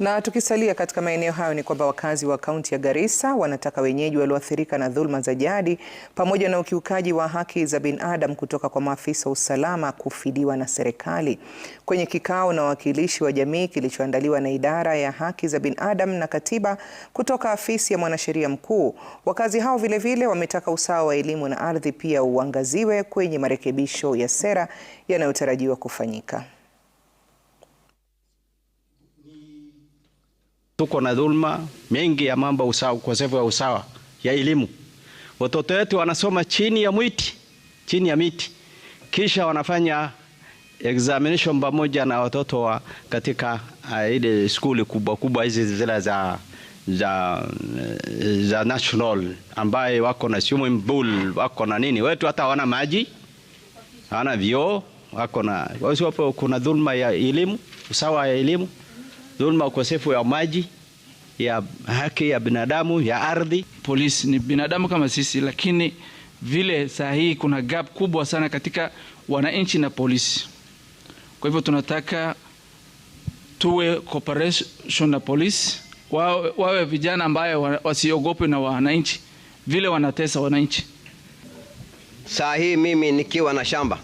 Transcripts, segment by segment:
Na tukisalia katika maeneo hayo ni kwamba wakazi wa kaunti ya Garissa wanataka wenyeji walioathirika na dhuluma za jadi pamoja na ukiukaji wa haki za binadamu kutoka kwa maafisa wa usalama kufidiwa na serikali. Kwenye kikao na wawakilishi wa jamii kilichoandaliwa na idara ya haki za binadamu na katiba kutoka afisi ya mwanasheria mkuu, wakazi hao vilevile vile wametaka usawa wa elimu na ardhi pia uangaziwe kwenye marekebisho ya sera yanayotarajiwa kufanyika. Tuko na dhulma mengi ya mambo usawa, ukosefu wa usawa ya elimu. Watoto wetu wanasoma chini ya mwiti, chini ya miti, kisha wanafanya examination pamoja na watoto wa katika uh, ile skuli kubwa kubwa hizi zile za za, za national ambaye wako na swimming pool wako na nini, wetu hata hawana maji, hawana vyoo, wako na Kuna dhulma ya elimu, usawa ya elimu dhulma, ukosefu wa maji, ya haki ya binadamu, ya ardhi. Polisi ni binadamu kama sisi, lakini vile saa hii kuna gap kubwa sana katika wananchi na polisi. Kwa hivyo tunataka tuwe cooperation na polisi, wawe, vijana ambayo wasiogope na wananchi vile wanatesa wananchi. Saa hii mimi nikiwa na shamba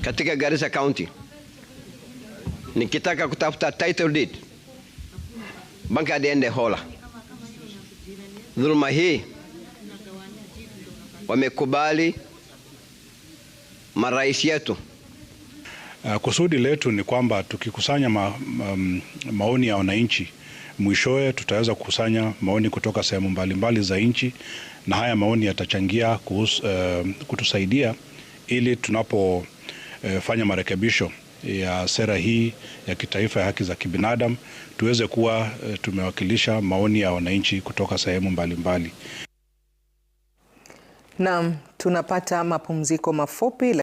katika Garissa County nikitaka kutafuta title deed mpaka adiende Hola. Dhuluma hii wamekubali marais yetu. Uh, kusudi letu ni kwamba tukikusanya ma, ma, um, maoni ya wananchi mwishowe tutaweza kukusanya maoni kutoka sehemu mbalimbali za nchi, na haya maoni yatachangia kuhus, uh, kutusaidia ili tunapofanya uh, marekebisho ya sera hii ya kitaifa ya haki za kibinadamu tuweze kuwa eh, tumewakilisha maoni ya wananchi kutoka sehemu mbalimbali. Naam, tunapata mapumziko mafupi.